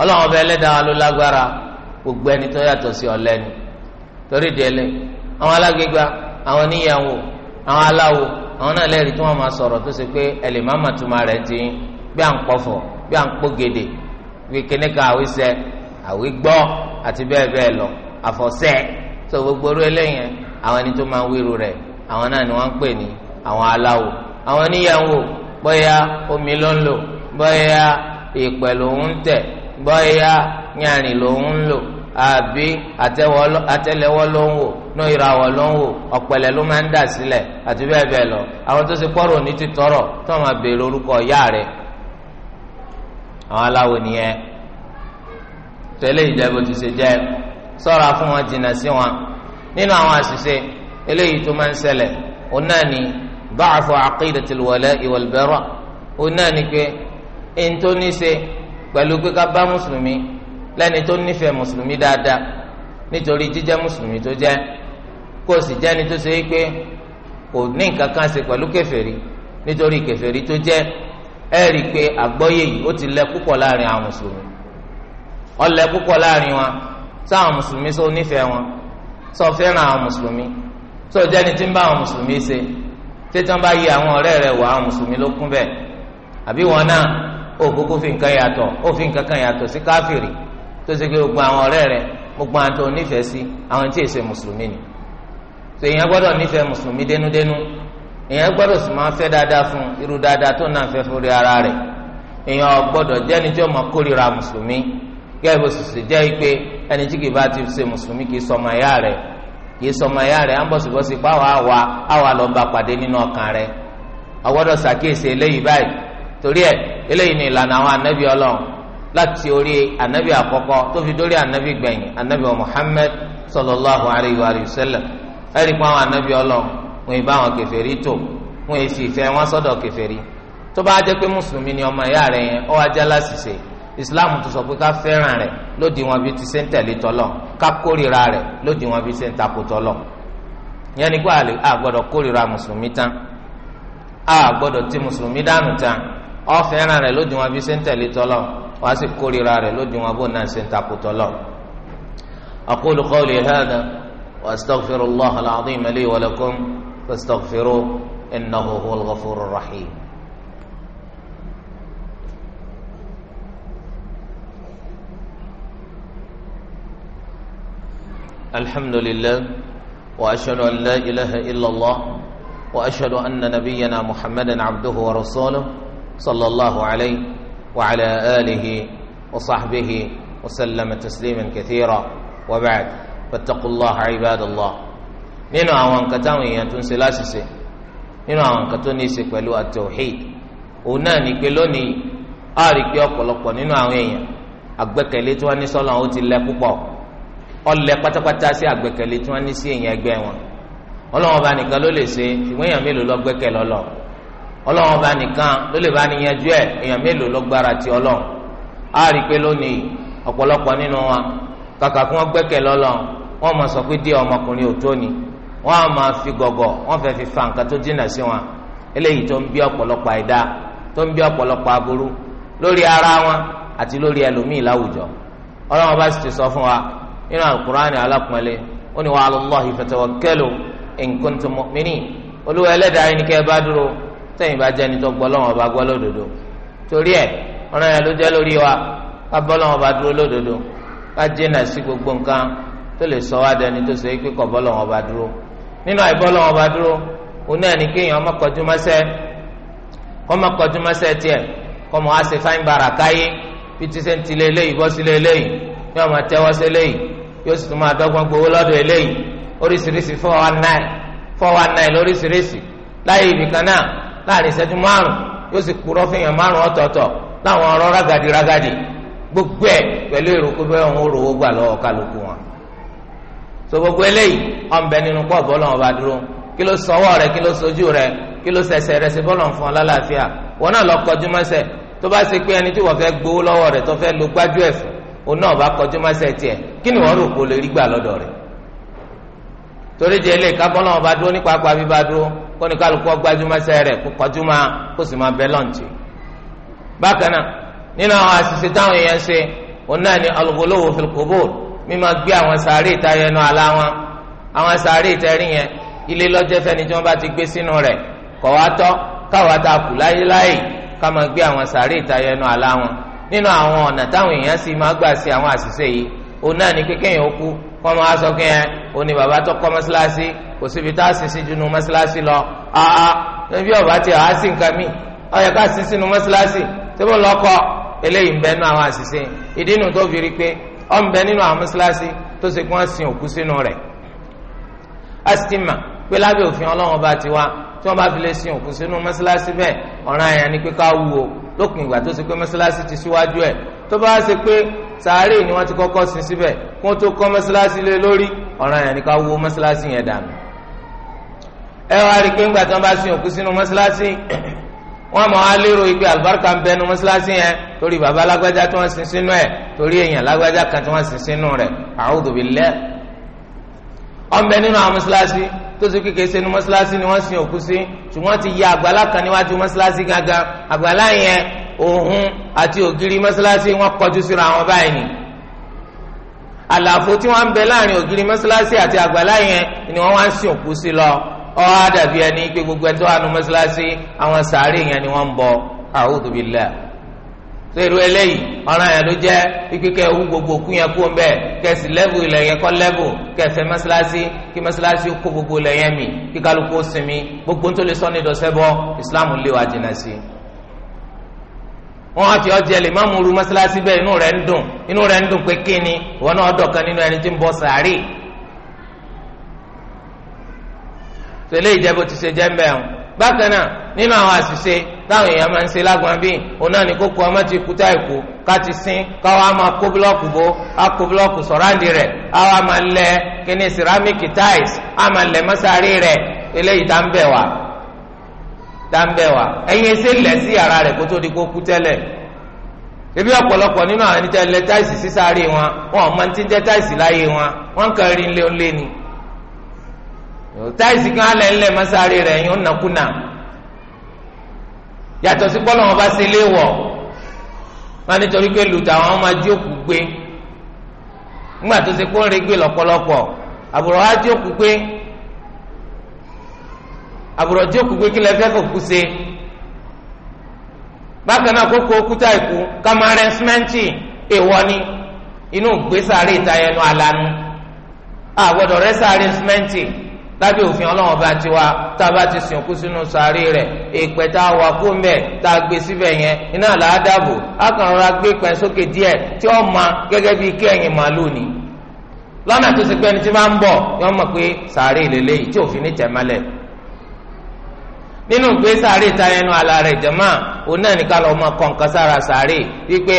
ọlọ́run ọba ẹlẹ́dàá ló lágbára gbogbo ẹni tó yàtọ̀ sí ọ̀lẹ́ni torí délé àwọn alágbègbè àwọn oníyàwó àwọn aláwo àwọn náà lẹ́rìí tí wọ́n máa sọ̀rọ̀ tó ṣe pé ẹlẹ́màmà tó máa rẹ̀ ti bí à ń pọ̀fọ̀ bí à ń pọ̀ bí kìnnìkan àwíṣẹ́ àwí gbọ́ àti bẹ́ẹ̀ bẹ́ẹ̀ lọ àfọ̀sẹ́ tó gbogbo orú eléyẹn àwọn ẹni tó máa ń wíru rẹ̀ àwọn náà ni wọ́n ń pè ní àwọn aláwo àwọn oníyàwó bóyá omi ló ń lò bóyá ìpẹ̀ lòún tẹ̀ bóyá yàrin lòún ń lò àbí àtẹ́lẹwọ́ ló ń wò ní ìràwọ̀ ló ń wò ọ̀pẹ̀lẹ̀ ló máa ń dà sílẹ̀ àti bẹ́ẹ̀ bẹ́ẹ̀ lọ àwọn tó ṣe pọ́rọ̀ ní títọrọ tó máa béèrè orúkọ ìyá rẹ̀ àwọn aláwo nìyẹn tẹ̀lé ìjẹ́bù ti ṣe jẹ́ sọ́ra fún wọn jìnnà sí wọn nínú àwọn àṣìṣe eléyìí tó máa ń ṣẹlẹ̀ òun náà ni báàfù aqidatil wala'i wal bara òun náà ni pé ẹni tó ní ṣe pẹ̀lú pé ká bá mùsùlùmí lẹ́ni tó nífẹ̀ẹ́ mùsùlùmí dáadáa nítorí jíjẹ́ mùsùlùmí tó jẹ́ kó sì jẹ́ ni tó ṣe pé kò ní nǹkan kan ṣe pẹ̀lú kèfèrí nítorí kèfèrí tó jẹ́ ẹ̀rí pé àgbọ́yé yìí ó ti lẹ púpọ̀ láàrin àwọn mùsùlùmí ọlẹ púpọ̀ láàrin wọn sáwọn mùsùlùmí sọ onífẹ wọn sọ fẹ́ràn àwọn mùsùlùmí sọ jẹ́ni tí ń bá àwọn mùsùlùmí ṣe bá yí àwọn ọ̀rẹ́ rẹ wà àwọn mùsùlùmí ló kún àbí wọn náà ó kúkú fi nǹkan yàtọ̀ ó fi nǹkan yàtọ̀ sí káfìrì tó ṣe pé àwọn rẹ̀ gbogbo àwọn tó sí àwọn tí mùsùlùmí ni Sọ èèyàn gẹ́gẹ́ bó sì ṣe jẹ́ pé ẹni tí kì bá ti ṣe mùsùlùmí kì í sọmọ ẹ̀yà rẹ̀ kì í sọmọ ẹ̀yà rẹ̀ ámbọ̀sibọ́sí pa àwa àwa àwa lọ bá pàdé nínú ọkàn rẹ̀ ọgbọ́dọ̀ ṣàkíyèsí eléyìí báyìí torí ẹ̀ eléyìí ni ìlànà àwọn ànábì ọlọ́run láti orí ànábì àkọ́kọ́ tó fi dórí ànábì gbẹ̀yìn ànábì Muhammad sallallahu alayhi wa sallam ẹ̀rí pa àwọn ànábì ọlọ́run wọn ìbá àwọn kèfèrí tó wọn èsì ìfẹ́ wọn sọ́dọ̀ kèfèrí tó bá jẹ́ pé islam tó sọ pé ká fẹ́ràn rẹ̀ lódì wọn bí ti ṣe ń tẹ̀lé tọ́lọ̀ ká kórìíra rẹ̀ lódì wọn bí ti ṣe ń takò tọ́lọ̀ yẹn ni pé a gbọ́dọ̀ kórìíra mùsùlùmí tán a gbọ́dọ̀ ti mùsùlùmí dànù tán ọ fẹ́ràn rẹ̀ lódì wọn bí ṣe ń tẹ̀lé tọ́lọ̀ wọ́n sì kórìíra rẹ̀ lódì wọn bó náà ṣe ń takò tọ́lọ̀. aqulu qawli hadha wa astaghfirullaha al-azim li wa lakum fastaghfiruhu innahu huwal الحمد لله وأشهد أن لا إله إلا الله وأشهد أن نبينا محمدا عبده ورسوله صلى الله عليه وعلى آله وصحبه وسلم تسليما كثيرا وبعد فاتقوا الله عباد الله nínú àwọn nǹkan táwọn èèyàn tó ń ṣe láṣìṣe nínú àwọn nǹkan tó ní í ṣe pẹ̀lú at-tauhid òun náà ní pé lónìí a rí i pé ọ̀pọ̀lọpọ̀ nínú àwọn èèyàn àgbẹ̀kẹ̀lé tí wọ́n ní sọ́lọ́ ó ti lẹ púpọ̀ ọlẹ̀ pátápátá sí àgbẹ̀kẹ̀lé tí wọ́n ní sí èèyàn ẹgbẹ́ wọn ọlọ́wọ́n bá nìkan ló lè ṣe ṣùgbọ́n èèyàn mélòó ló gbẹ́kẹ̀ lọ́lọ́ ọlọ́wọ́n bá nìkan ló lè bá níyanjú ẹ̀ èèyàn mélòó ló gbára ti ọlọ́run á rí i pé lónìí ọ̀pọ̀lọpọ̀ nínú wa kàkà kí wọ́n gbẹ́kẹ̀ lọ́lọ́run wọ́n máa sọ pé díẹ̀ ọmọkùnrin ò tó ni wọ́n á máa fi gọ̀gọ̀ wọ́n fẹ́ fi fa nǹkan tó jìnnà sí wọn eléyìí tó ń bí ọ̀pọ̀lọpọ̀ àìdá tó ń bí ọ̀pọ̀lọpọ̀ aburú lórí ara wọn àti lórí ẹlòmíì láwùjọ ọlọ́run bá sì ti sọ fún wa nínú alukur'ani alápọ̀nlé ó ní wa 'ala Allahi fatawakkalu in kuntum mu'minin olúwa ẹlẹ́dàá yìí ni kẹ́ ẹ bá dúró sẹ́yìn bá jẹ́ni tó gbọ́ lọ́wọ́ bá gbọ́ lódodo torí ẹ̀ ọ̀ràn yẹn ló jẹ́ lórí wa ká bọ́ lọ́wọ́ bá dúró lódodo ká jẹ́nà sí gbogbo nǹkan tó lè sọ wá dẹni tó ṣe é pé kọ́ bọ́ bá dúró nínú àìbọ́ lọ́wọ́ bá dúró òun náà kéèyàn ọmọ kọjú mọ́sẹ́ kọ́mọ kọjú mọ́sẹ́ tiẹ̀ kọ́mọ bàrà káyé bí ti ṣe ń tilé eléyìí bọ́ sílé eléyìí bí ọmọ tẹ́wọ́ sí eléyìí yóò sì tún máa dọ́gbọ́n gbowó lọ́dọ̀ eléyìí oríṣiríṣi four one nine four one nine lóríṣiríṣi láyé ibìkan náà láàrin ìṣẹ́jú márùn yóò sì kúrọ́ fìyàn márùn ọ̀tọ̀ọ̀tọ̀ láwọn ọ̀rọ̀ rágàdì rágàdì gbogbo ẹ̀ pẹ̀lú èrò pé bẹ́ẹ̀ òun rò ó gbà lọ́wọ́ kálukú wọn. so gbogbo eléyìí ọ̀nbẹ nínú pọ̀ bọ́lọ̀ ọba dúró kí ló sọwọ́ rẹ kí ló sojú rẹ kí ló sẹsẹ rẹ sí bọ́lọ̀ fún ọ lálàáfíà wọn náà lọ kọjú mọ́sẹ̀ tó bá ṣe pé ẹni tí wọ́n fẹ́ gbowó lọ́wọ́ rẹ tó fẹ́ lo gbájú ẹ̀ òun náà bá kọjú mọ́sẹ̀ tiẹ̀ kí ni wọ́n rò kó lè rí gbà lọ́dọ̀ rẹ̀ torí di ẹlẹ́yìn ká bọ́lá wọn bá dúró nípa apá bíbá dúró kó ní kálukú ọgbájúmọ́sẹ̀ rẹ̀ kó kọjú máa kó sì máa bẹ́ lọ́ǹtì. bákan náà nínú àwọn àṣìṣe táwọn èèyàn ṣe òun ni al-ghuluw fil qubur mímọ gbé àwọn sàárè ìta yẹnu àlá wọn àwọn sàárè ìtẹ́rí yẹn ilé lọ́jọ́ fẹ́ni tí wọ́n bá ti gbé sínú rẹ̀ kọ̀ wá kù láyéláyé ká máa gbé àwọn sàárè ìta yẹnu àlá wọn nínú àwọn ọ̀nà táwọn èèyàn sì máa gbà sí àwọn àṣìṣe yìí òun náà ní kékeré yẹn ó kú kọ́ máa sọ kí ẹ o ní bàbá tó kọ́ mọ́ṣáláṣí kò síbi tá a sì sí junú mọ́ṣáláṣí lọ aa níbi ọ̀bá ti àá sí nǹkan mi ó yẹ ká sí sínú mọ́ṣáláṣí tí mo lọ kọ́ eléyìí ń bẹ nínú àwọn àṣìṣe ìdí inú tó fi rí pé ó ń bẹ nínú àwọn mọ́ṣáláṣí tó ṣe kí wọ́n òkú sínú rẹ̀ tí wọ́n bá fi lè sin òkú sínú mọ́sálásí bẹ́ẹ̀ ọ̀ràn àyàn ni pé ká wú o lópin ìgbà tó ṣe pé mọ́sálásí ti síwájú ẹ̀ tó bá ṣe pé sàárè ni wọ́n ti kọ́kọ́ sin síbẹ̀ kó tó kọ́ mọ́sálásí lé lórí ọ̀ràn àyàn ni ká wú mọ́sálásí yẹn dànù. ẹ wá rí i pé ńgbà tí wọ́n bá sin òkú sínú mọ́sálásí [CLEARS THROAT] wọ́n mọ̀ á lérò ìgbé àlùbáríkà ń bẹnu mọ́sálásí yẹn torí bàbá tí wọ́n sin sínú ẹ̀ torí èèyàn alágbájá kan tí wọ́n sin sínú rẹ̀ a'udhu billah ọ̀nbẹ nínú àwọn mọ́ṣáláṣí tó ṣe kékeré sẹ́nu mọ́ṣáláṣí ni wọ́n sin òkú sí ṣùgbọ́n ti ya àgbàlá kan níwájú mọ́ṣáláṣí gangan àgbàlá yẹn òun àti ògiri mọ́ṣáláṣí wọ́n kọjú síra wọn báyìí ni àlàfo tí wọ́n ń bẹ láàrin ògiri mọ́ṣáláṣí àti àgbàlá yẹn ni wọ́n wá ń sin òkú sí lọ ọ́ á dàbí ẹni pé gbogbo ẹ̀tọ́ àánú mọ́ṣáláṣí àwọn sàárè yẹn ni wọ́n ń bọ a'udhu billah sèrú eléyìí ọ̀ràn yẹn ló jẹ́ ikíkẹ́ ewu gbogbo òkú yẹn kú bẹ́ẹ̀ kẹsì lẹ́bù ilẹ̀ yẹn kọ́ lẹ́bù kẹsẹ̀ masalasi kí masalasi kó gbogbo ilẹ̀ yẹn mi kí kálukú simi gbogbo nítorí sọ́ni dọ̀sẹ́bọ ìsìláàmù le wa jìnnà si. i. wọ́n á ti ọjẹ́ inú rẹ̀ inú náà tí nínú àwọn àṣìṣe táwọn èèyàn máa ń ṣe lágbọn bíi òun náà ní kókó ọmọ ti kúta èkó ká ti sin káwa máa kó búlọ́ọ̀kù bó á kó búlọ́ọ̀kù sọ̀ráǹdì rẹ̀ àwa máa lẹ kíní sìrámìkì táìs á máa lẹ mọ́sárì rẹ̀ eléyìí tá ń bẹ̀ wá tá ń bẹ̀ wá ẹ̀yin ẹsẹ̀ lẹ̀ sí yàrá rẹ̀ kó tó di kó kú tẹ́lẹ̀ ebi ọpọlọpọ nínú àwọn ẹni nle lẹ táìsì wọn wọn ti wọn wọn kàn rí ni táìsì kan á rẹ yín ó yàtọ̀ sí pọ́lọ́ wọn bá ṣe lé wọ̀ wọn nítorí pé lùtà àwọn máa jókòó gbé ńgbà tó ṣe kó ń regbè lọ́pọ̀lọpọ̀ àbùrọ̀ á jókòó gbé àbùrọ̀ jókòó gbé kí lè fẹ́ kó kú ṣe bákan náà kókó òkúta ìkú kámárẹ́ símẹ́ǹtì èèwọ̀ ni inú gbé sáré ìtayẹnu àlànà àgbọ̀dọ̀ rẹ́ sáré símẹ́ǹtì. lábẹ́ òfin ọlọ́wọ́n bá ti wá tá a bá ti sìn sínú sàárè rẹ̀ èèpẹ̀ tá a wà kó mbẹ̀ tá a gbé síbẹ̀ yẹn iná là á dàbò á kàn rọra gbé pẹ̀ sókè díẹ̀ tí ó ma gẹ́gẹ́ bíi kí màlúù ni lọ́nà tó ti pẹ́ ni tí máa ń bọ̀ yọ mọ̀ pé sàárè lélẹ́yìí tí òfin ní tẹ̀mọ́lẹ̀ nínú pé sàárè ta ẹnu àlà rẹ̀ jẹ̀mọ́ òun náà sára sàárè wípé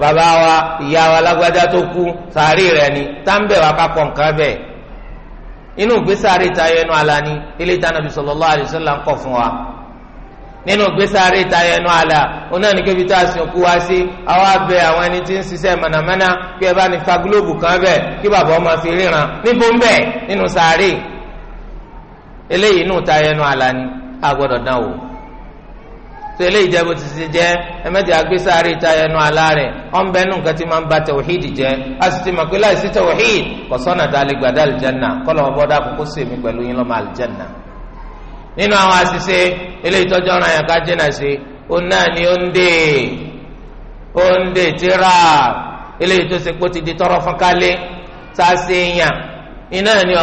bàbá wa ìyá ni tá ń bẹ̀ wá ká inú gbèsàárè tayọ ẹnu àlà ni ilé tí anabi sallallahu alaihi wasallam ń kọ fún wa nínú gbèsàárè tayọ ẹnu àlà òun náà ní kébi tá a sìn òkú wá sí àwọn abẹ àwọn ẹni tí ń ṣiṣẹ́ mọ̀nàmọ́ná kí ẹ bá ní fa gílóòbù kan bẹ kí bàbá ọmọ fi ríran níbo ń bẹ nínú sàárè eléyìí inú tayọ ẹnu àlà ni a gbọ́dọ̀ dán wò tó eléyìí jẹ́ bó ti ṣe jẹ́ ẹ̀mẹ́tì agbésáré ìta ẹnu alárẹ̀ ya nù nǹkan tí máa ń ba tawhid jẹ́ a sì ti mọ̀ pé láìsí tawhid kò sọ́nà tá a lè gbàdá àlìjánà kọ́lọ̀ wọn bọ́dá kókó sí èmi pẹ̀lú yín lọ́mọ àlìjánà. nínú àwọn àṣìṣe ọ̀ràn yẹn ká jìnnà sí náà ni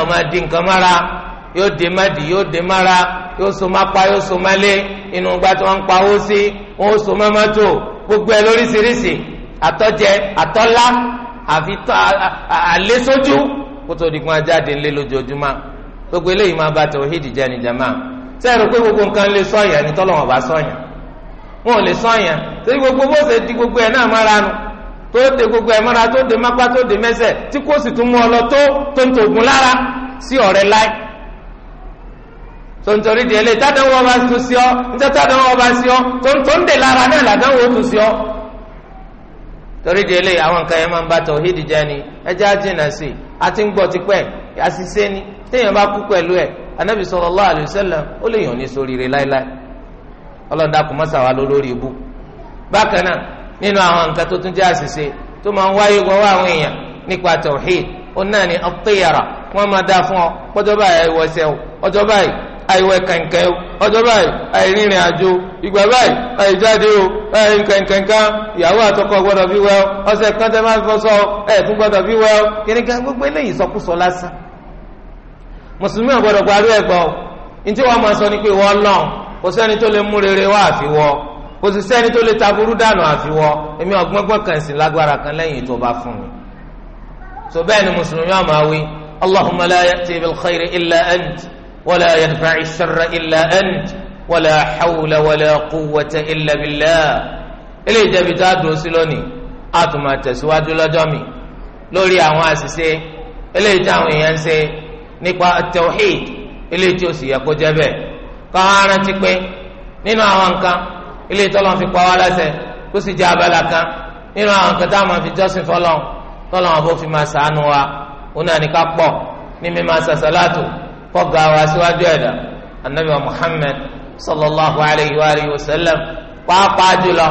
ó tọrọ a yóò dé mádìí yóò dé mára yóò so mápá yóò so málé inú gba tí wọ́n ń pawó sí wọ́n ó so mọ́mọ́tò gbogbo ẹ̀ lóríṣiríṣi àtọ́jẹ àtọ́lá àfi àlésójú kó tó di kún ajáde ńlé lójoojúmọ́ gbogbo eléyìí máa bá tawhid jẹ́ ni jama sẹ́ẹ̀rù pé gbogbo nǹkan lè sọ̀yàn ẹni tọ́lọ́wọ́n bá sọ̀yàn wọn ò lè sọ̀yàn torí gbogbo bó ṣe di gbogbo ẹ̀ náà mára nu tó de gbogbo ẹ̀ mára tó de mápá tó de mẹ́sẹ̀ tí kò sì tún mú ọ lọ tó tó ń tògùn lára sí ọ̀rẹ́ láì tontori di ẹlẹ́yìí tádánwó ọba tó sí ọ níta tádánwó ọba si ọ tontonde lára náà làdánwó tó si ọ. torí di ẹlẹ́yìí àwọn nǹkan yẹn máa ń bá tọ̀hídì jẹ́ ni ẹjẹ́ àjìnà àti ń gbọ́ tipẹ́ ni téèyàn bá kú ó lè yàn ní sóríire láéláé ọlọ́dà kò lórí bákan náà nínú àwọn nǹkan tó tún jẹ́ àṣìṣe tó máa ń wáyé àwọn èèyàn nípa ó náà ọ pọ́jọ́ báyìí àìwẹ̀ kẹ̀kẹ́ ọjọ́ báyìí àìrìnrìn àjò ìgbà báyìí àìjáde o àìrìn kẹ̀kẹ̀kan ìyàwó àtọkọ gbọ́dọ̀ fi wẹ̀ ọṣẹ kan tẹ́ máa ń fọṣọ ẹ̀ gbọ́dọ̀ fi gbogbo eléyìí sọkúsọ mùsùlùmí ọ̀gbọ́dọ̀ parí wọ́n máa sọ ni pé wọ́n lọ kò sẹ́ni tó lè mú rere wá wọ. èmi ọ̀gbọ́ngbọ́n kan sì lágbára kan lẹ́yìn tó bá fún ولا يدفع الشر إلا أنت ولا حول ولا قوة إلا بالله eléyìí jẹbi tá a dùn sí lónìí a tún máa tẹ̀síwájú lọ́jọ́ mi lórí àwọn àṣìṣe eléyìí táwọn èèyàn ń ṣe nípa tawhid eléyìí tí ó sì yẹ kó jẹ́ bẹ́ẹ̀ káwọn arántí pé nínú àwọn nǹkan eléyìí tọ́lọ́ fi pa wá láṣẹ tó sì jẹ́ abala kan nínú àwọn nǹkan táwọn máa fi jọ́sìn fọlọ́n tọ́lọ́ wọn bó fi máa ṣàánú wa òun náà ní ká pọ̀ ní mímá ṣàṣàlátù kọga wa síwájú ẹ̀dá anabi wa muhammed sallallahu alayhi wa alayhi wa sallam pàápàá jùlọ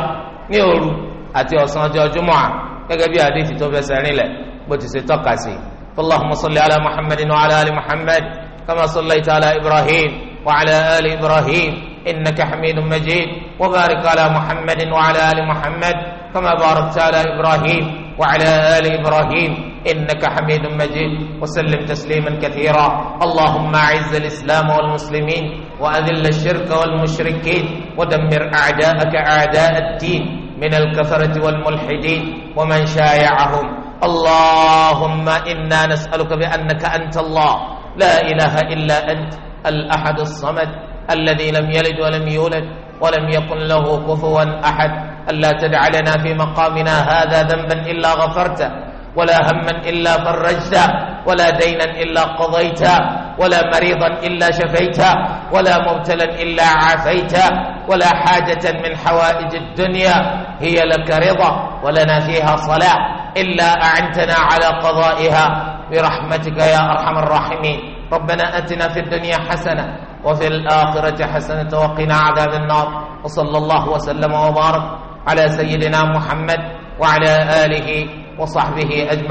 ní òru àti ọ̀sán ọjọ́ jumu'a gẹ́gẹ́ bí àdéhìí tó fẹsẹ̀ rinlẹ̀ bó ti ṣe tọ́ka sí allahumma salli ala muhammadin wa ala ali muhammad kama sallaita ala ibrahim wa ala ali ibrahim innaka hamidun majid wa barik ala muhammadin wa ala ali muhammad kama barakta ala ibrahim إنك حميد مجيد وسلم تسليما كثيرا اللهم أعز الإسلام والمسلمين وأذل الشرك والمشركين ودمر أعداءك أعداء الدين من الكفرة والملحدين ومن شايعهم اللهم إنا نسألك بأنك أنت الله لا إله إلا أنت الأحد الصمد الذي لم يلد ولم يولد ولم يكن له كفوا أحد ألا تدع لنا في مقامنا هذا ذنبا إلا غفرته ولا هما إلا فرجته ولا دينا إلا قضيته ولا مريضا إلا شفيته ولا مبتلا إلا عافيته ولا حاجة من حوائج الدنيا هي لك رضا ولنا فيها صلاة إلا أعنتنا على قضائها برحمتك يا أرحم الراحمين ربنا أتنا في الدنيا حسنة وفي الآخرة حسنة وقنا عذاب النار وصلى الله وسلم وبارك على سيدنا محمد وعلى آله وصحبه أجمعين